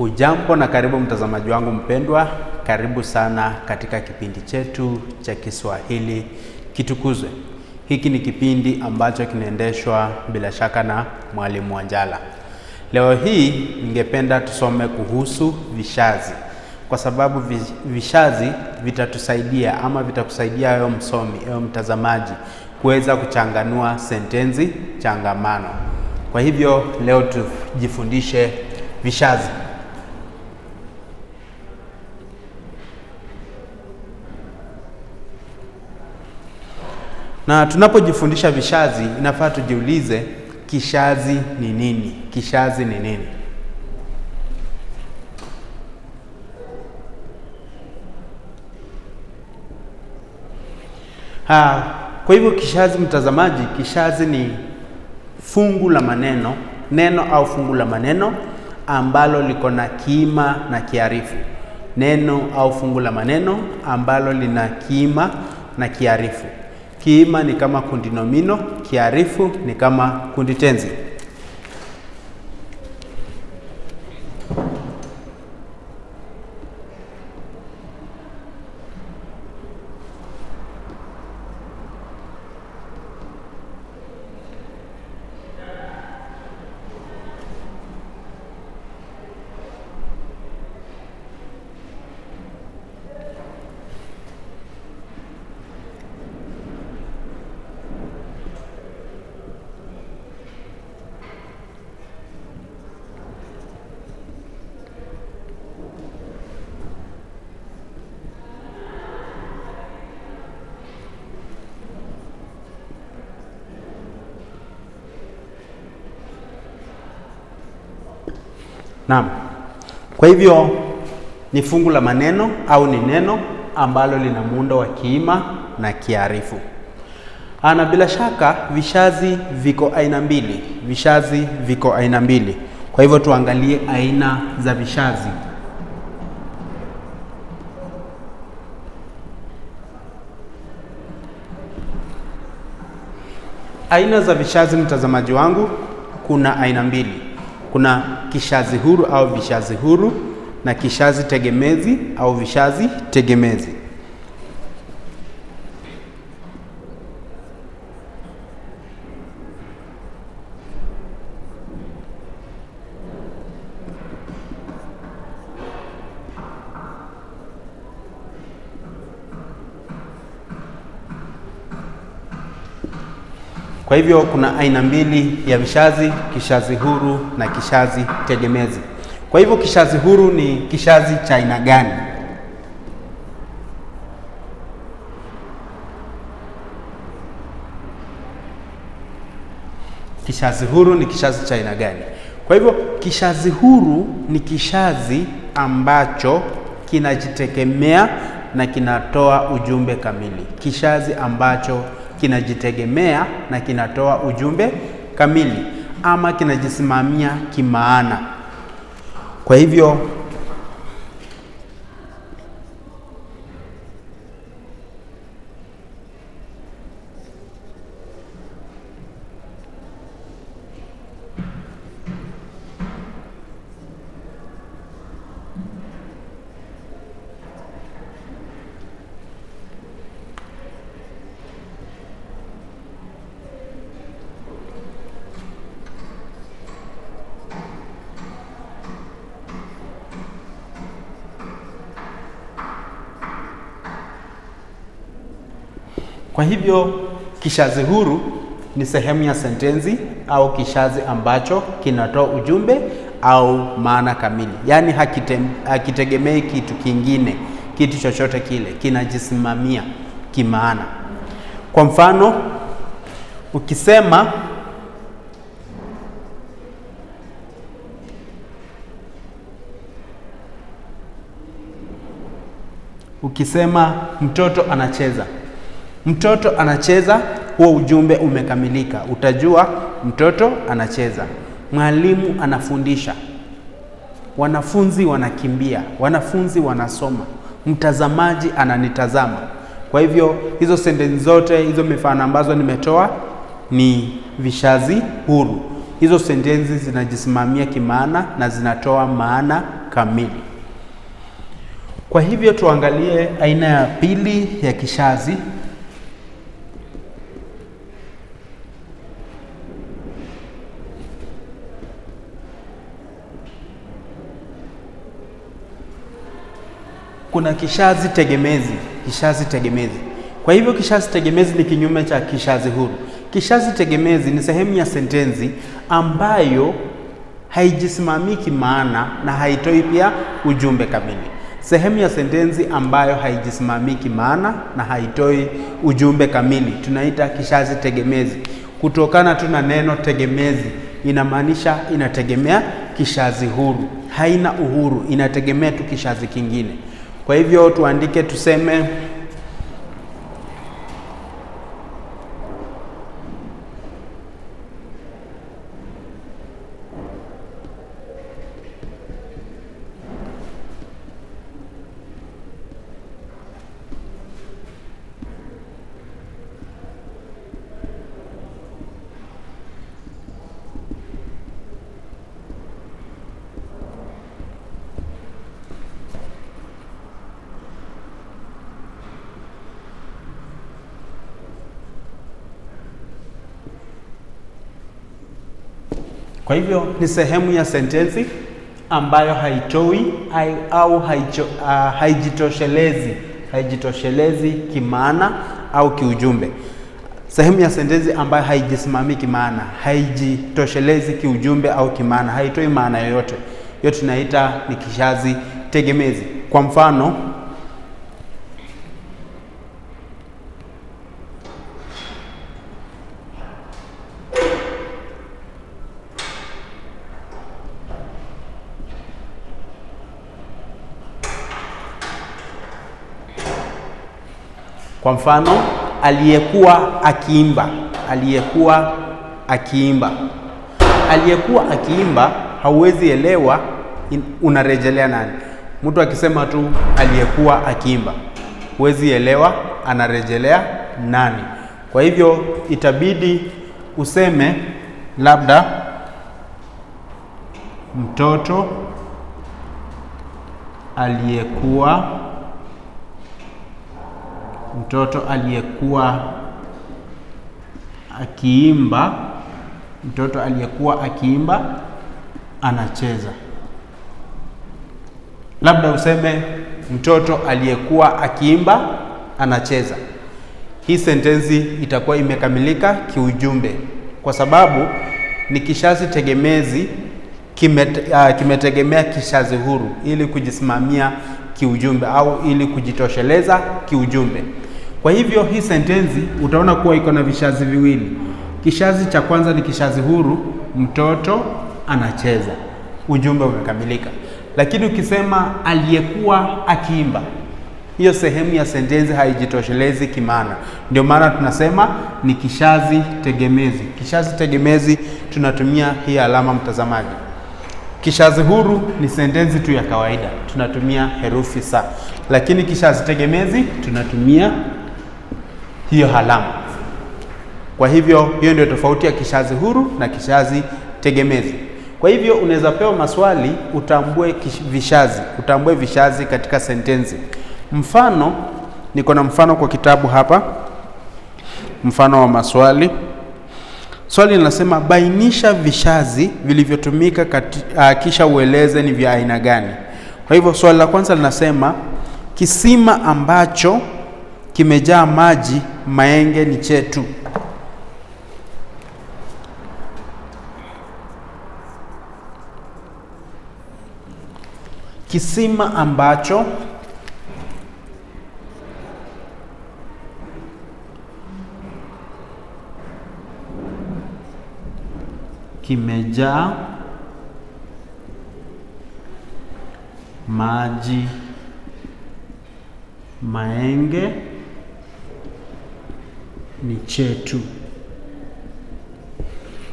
Hujambo na karibu mtazamaji wangu mpendwa, karibu sana katika kipindi chetu cha Kiswahili Kitukuzwe. Hiki ni kipindi ambacho kinaendeshwa bila shaka na Mwalimu Wanjala. Leo hii ningependa tusome kuhusu vishazi, kwa sababu vishazi vitatusaidia ama vitakusaidia wewe msomi, wewe mtazamaji kuweza kuchanganua sentensi changamano. Kwa hivyo leo tujifundishe vishazi. Na tunapojifundisha vishazi, inafaa tujiulize kishazi ni nini? Kishazi ni nini? Ha, kwa hivyo kishazi, mtazamaji, kishazi ni fungu la maneno, neno au fungu la maneno ambalo liko na kiima na kiarifu. Neno au fungu la maneno ambalo lina kiima na kiarifu kiima ni kama kundi nomino, kiarifu ni kama kundi tenzi. Naam. Kwa hivyo ni fungu la maneno au ni neno ambalo lina muundo wa kiima na kiarifu. Ana ah, bila shaka vishazi viko aina mbili, vishazi viko aina mbili. Kwa hivyo tuangalie aina za vishazi. Aina za vishazi, mtazamaji wangu, kuna aina mbili. Kuna kishazi huru au vishazi huru na kishazi tegemezi au vishazi tegemezi. Kwa hivyo kuna aina mbili ya vishazi, kishazi huru na kishazi tegemezi. Kwa hivyo kishazi huru ni kishazi cha aina gani? Kishazi huru ni kishazi cha aina gani? Kwa hivyo kishazi huru ni kishazi ambacho kinajitegemea na kinatoa ujumbe kamili, kishazi ambacho kinajitegemea na kinatoa ujumbe kamili ama kinajisimamia kimaana. Kwa hivyo Kwa hivyo kishazi huru ni sehemu ya sentensi au kishazi ambacho kinatoa ujumbe au maana kamili, yaani hakitegemei kitu kingine, kitu chochote kile, kinajisimamia kimaana. Kwa mfano ukisema ukisema mtoto anacheza Mtoto anacheza, huo ujumbe umekamilika. Utajua mtoto anacheza. Mwalimu anafundisha, wanafunzi wanakimbia, wanafunzi wanasoma, mtazamaji ananitazama. Kwa hivyo hizo sentensi zote hizo mifano ambazo nimetoa ni vishazi huru. Hizo sentensi zinajisimamia kimaana na zinatoa maana kamili. Kwa hivyo tuangalie aina ya pili ya kishazi. kuna kishazi tegemezi, kishazi tegemezi. Kwa hivyo kishazi tegemezi ni kinyume cha kishazi huru. Kishazi tegemezi ni sehemu ya sentensi ambayo haijisimamii kimaana na haitoi pia ujumbe kamili. Sehemu ya sentensi ambayo haijisimamii kimaana na haitoi ujumbe kamili tunaita kishazi tegemezi, kutokana tu na neno tegemezi, inamaanisha inategemea kishazi huru, haina uhuru, inategemea tu kishazi kingine. Kwa hivyo tuandike tuseme Kwa hivyo ni sehemu ya sentensi ambayo haitoi au haicho, uh, haijitoshelezi haijitoshelezi kimaana au kiujumbe. Sehemu ya sentensi ambayo haijisimami kimaana, haijitoshelezi kiujumbe au kimaana, haitoi maana yoyote, hiyo tunaita ni kishazi tegemezi. Kwa mfano Kwa mfano, aliyekuwa akiimba, aliyekuwa akiimba, aliyekuwa akiimba, hauwezi elewa unarejelea nani. Mtu akisema tu aliyekuwa akiimba, huwezi elewa anarejelea nani. Kwa hivyo itabidi useme labda mtoto aliyekuwa mtoto aliyekuwa akiimba, mtoto aliyekuwa akiimba anacheza. Labda useme mtoto aliyekuwa akiimba anacheza. Hii sentensi itakuwa imekamilika kiujumbe, kwa sababu ni kishazi tegemezi ah, kimetegemea uh, kishazi huru ili kujisimamia kiujumbe au ili kujitosheleza kiujumbe. Kwa hivyo hii sentensi utaona kuwa iko na vishazi viwili. Kishazi cha kwanza ni kishazi huru, mtoto anacheza, ujumbe umekamilika. Lakini ukisema aliyekuwa akiimba, hiyo sehemu ya sentensi haijitoshelezi kimaana. Ndio maana tunasema ni kishazi tegemezi. Kishazi tegemezi tunatumia hii alama mtazamaji. Kishazi huru ni sentensi tu ya kawaida, tunatumia herufi sa, lakini kishazi tegemezi tunatumia hiyo halamu. Kwa hivyo hiyo ndio tofauti ya kishazi huru na kishazi tegemezi. Kwa hivyo unaweza pewa maswali utambue vishazi, utambue vishazi katika sentensi. Mfano, niko na mfano kwa kitabu hapa, mfano wa maswali. Swali linasema bainisha vishazi vilivyotumika uh, kisha ueleze ni vya aina gani. Kwa hivyo swali la kwanza linasema kisima ambacho kimejaa maji, maenge ni chetu. Kisima ambacho kimejaa maji maenge ni chetu.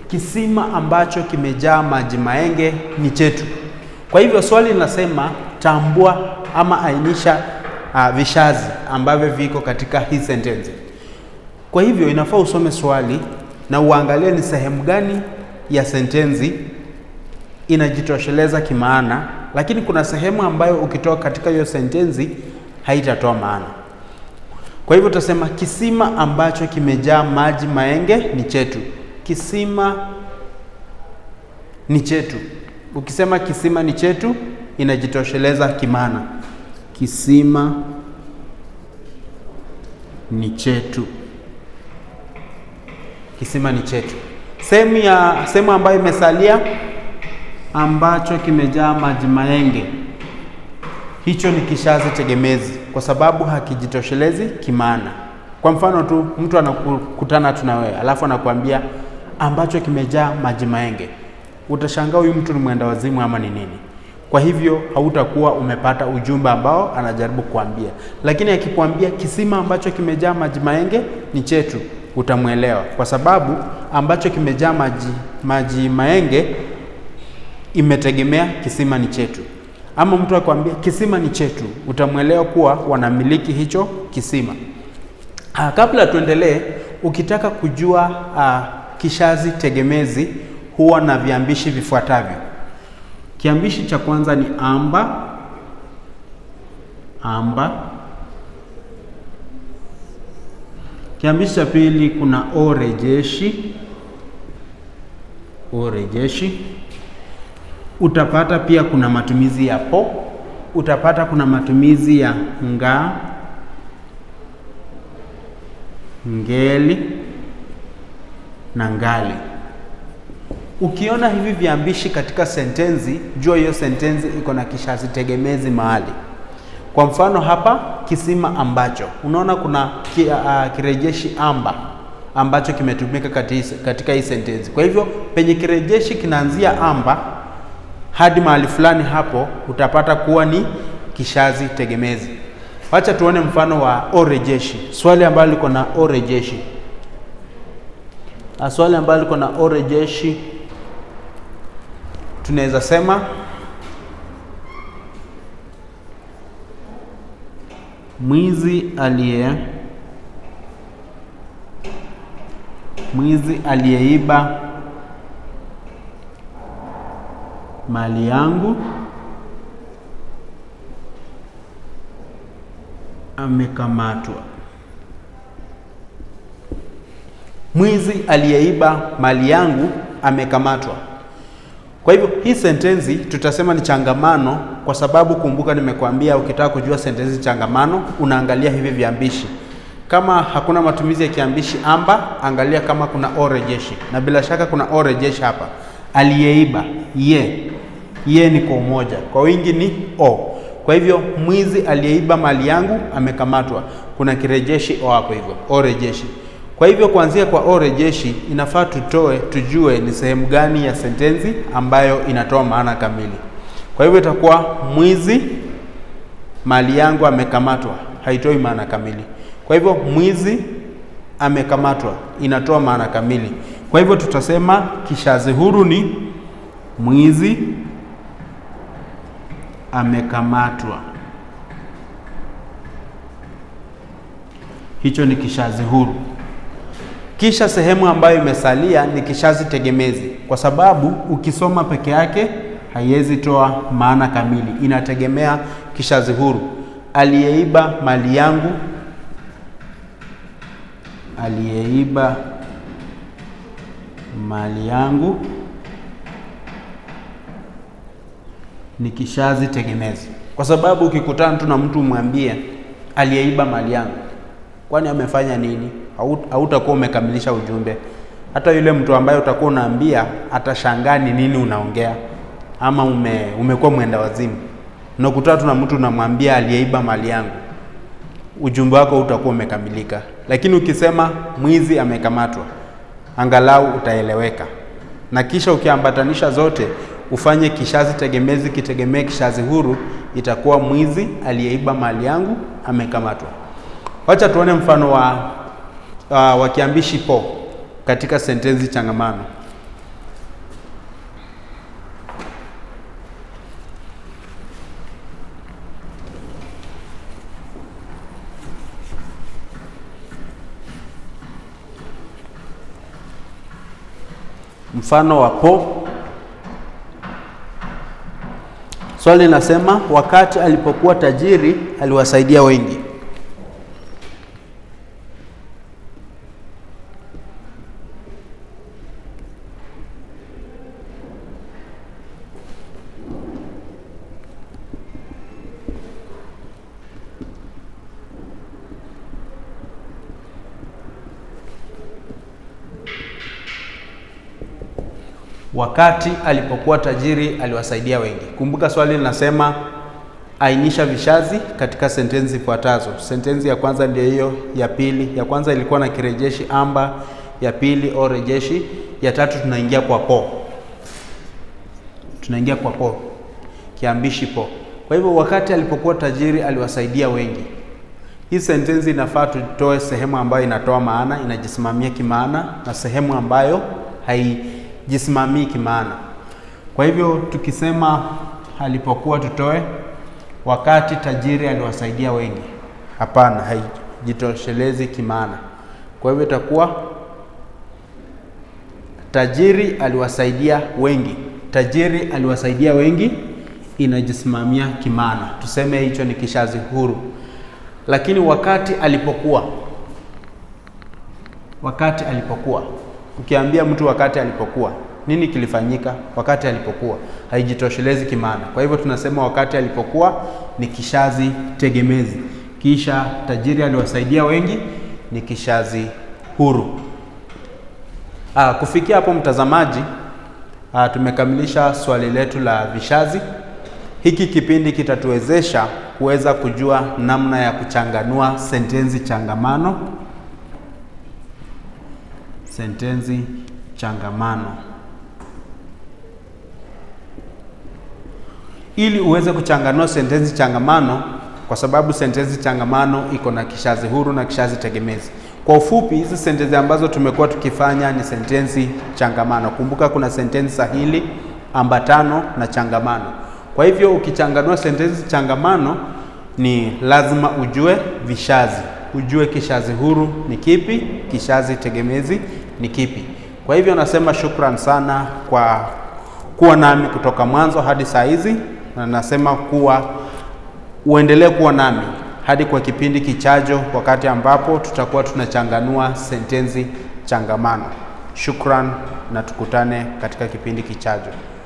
Kisima ambacho kimejaa maji maenge ni chetu. Kwa hivyo swali linasema tambua ama ainisha uh, vishazi ambavyo viko katika hii sentensi. Kwa hivyo inafaa usome swali na uangalie ni sehemu gani ya sentensi inajitosheleza kimaana, lakini kuna sehemu ambayo ukitoka katika hiyo sentensi haitatoa maana. Kwa hivyo tutasema kisima ambacho kimejaa maji maenge ni chetu. Kisima ni chetu. Ukisema kisima ni chetu, inajitosheleza kimana Kisima ni chetu. Kisima ni chetu. Sehemu ya sehemu ambayo imesalia ambacho kimejaa maji maenge hicho ni kishazi tegemezi, kwa sababu hakijitoshelezi kimaana. Kwa mfano tu, mtu anakutana tu na wewe alafu anakuambia ambacho kimejaa maji maenge, utashangaa huyu mtu ni mwenda wazimu ama ni nini? Kwa hivyo hautakuwa umepata ujumbe ambao anajaribu kuambia, lakini akikwambia kisima ambacho kimejaa maji maenge ni chetu, utamwelewa kwa sababu ambacho kimejaa maji maji maenge imetegemea kisima ni chetu ama mtu akwambia kisima ni chetu, utamwelewa kuwa wanamiliki hicho kisima. Ah, kabla tuendelee, ukitaka kujua ah, kishazi tegemezi huwa na viambishi vifuatavyo. Kiambishi cha kwanza ni amba, amba. Kiambishi cha pili kuna orejeshi, orejeshi Utapata pia kuna matumizi ya po, utapata kuna matumizi ya nga, ngeli na ngali. Ukiona hivi viambishi katika sentensi, jua hiyo sentensi iko na kishazi tegemezi mahali. Kwa mfano hapa, kisima ambacho, unaona kuna ki, uh, kirejeshi amba ambacho kimetumika katika hii sentensi. Kwa hivyo penye kirejeshi kinaanzia amba hadi mahali fulani hapo utapata kuwa ni kishazi tegemezi. Wacha tuone mfano wa orejeshi, swali ambalo liko na orejeshi, swali ambalo liko na orejeshi tunaweza sema mwizi aliye mwizi aliyeiba mali yangu, amekamatwa. Mwizi aliyeiba mali yangu amekamatwa. Kwa hivyo hii sentensi tutasema ni changamano, kwa sababu kumbuka, nimekuambia ukitaka kujua sentensi changamano unaangalia hivi viambishi. Kama hakuna matumizi ya kiambishi amba, angalia kama kuna o rejeshi, na bila shaka kuna o rejeshi hapa. Aliyeiba ye ye ni kwa umoja, kwa wingi ni o. Kwa hivyo mwizi aliyeiba mali yangu amekamatwa. Kuna kirejeshi o hapo, hivyo o rejeshi. Kwa hivyo kuanzia kwa o rejeshi inafaa tutoe, tujue ni sehemu gani ya sentensi ambayo inatoa maana kamili. Kwa hivyo itakuwa mwizi mali yangu amekamatwa, haitoi maana kamili. Kwa hivyo mwizi amekamatwa inatoa maana kamili. Kwa hivyo tutasema kishazi huru ni mwizi amekamatwa. Hicho ni kishazi huru. Kisha sehemu ambayo imesalia ni kishazi tegemezi, kwa sababu ukisoma peke yake haiwezi toa maana kamili, inategemea kishazi huru. Aliyeiba mali yangu, aliyeiba mali yangu ni kishazi tegemezi, kwa sababu ukikutana tu na mtu umwambie aliyeiba mali yangu, kwani amefanya nini? Hautakuwa umekamilisha ujumbe. Hata yule mtu ambaye utakuwa unaambia atashangaa ni nini unaongea, ama ume, umekuwa mwenda wazimu. Unakutana tu na mtu unamwambia aliyeiba mali yangu, ujumbe wako utakuwa umekamilika. Lakini ukisema mwizi amekamatwa, angalau utaeleweka, na kisha ukiambatanisha zote ufanye kishazi tegemezi kitegemee kishazi huru, itakuwa mwizi aliyeiba mali yangu amekamatwa. Wacha tuone mfano wa, uh, wa kiambishi po katika sentensi changamano. Mfano wa po Swali linasema wakati alipokuwa tajiri aliwasaidia wengi, Wakati alipokuwa tajiri aliwasaidia wengi. Kumbuka swali linasema ainisha vishazi katika sentensi ifuatazo. Sentensi ya kwanza ndio hiyo, ya pili. Ya kwanza ilikuwa na kirejeshi amba, ya pili o rejeshi, ya tatu tunaingia kwa po, tunaingia kwa po, kiambishi po. Kwa hivyo wakati alipokuwa tajiri aliwasaidia wengi. Hii sentensi inafaa tutoe sehemu ambayo inatoa maana, inajisimamia kimaana, na sehemu ambayo hai jisimamii kimaana. Kwa hivyo tukisema alipokuwa tutoe, wakati tajiri aliwasaidia wengi, hapana, haijitoshelezi kimaana. Kwa hivyo itakuwa tajiri aliwasaidia wengi, tajiri aliwasaidia wengi inajisimamia kimaana. Tuseme hicho ni kishazi huru, lakini wakati alipokuwa, wakati alipokuwa ukiambia mtu wakati alipokuwa nini kilifanyika wakati alipokuwa haijitoshelezi kimaana. Kwa hivyo tunasema wakati alipokuwa ni kishazi tegemezi, kisha tajiri aliwasaidia wengi ni kishazi huru. Aa, ah, kufikia hapo mtazamaji, aa, ah, tumekamilisha swali letu la vishazi. Hiki kipindi kitatuwezesha kuweza kujua namna ya kuchanganua sentensi changamano sentensi changamano. Ili uweze kuchanganua sentensi changamano, kwa sababu sentensi changamano iko na kishazi huru na kishazi tegemezi. Kwa ufupi, hizi sentensi ambazo tumekuwa tukifanya ni sentensi changamano. Kumbuka kuna sentensi sahili, ambatano na changamano. Kwa hivyo ukichanganua sentensi changamano, ni lazima ujue vishazi, ujue kishazi huru ni kipi, kishazi tegemezi ni kipi. Kwa hivyo nasema shukran sana kwa kuwa nami kutoka mwanzo hadi saa hizi, na nasema kuwa uendelee kuwa nami hadi kwa kipindi kichajo, wakati ambapo tutakuwa tunachanganua sentensi changamano. Shukran na tukutane katika kipindi kichajo.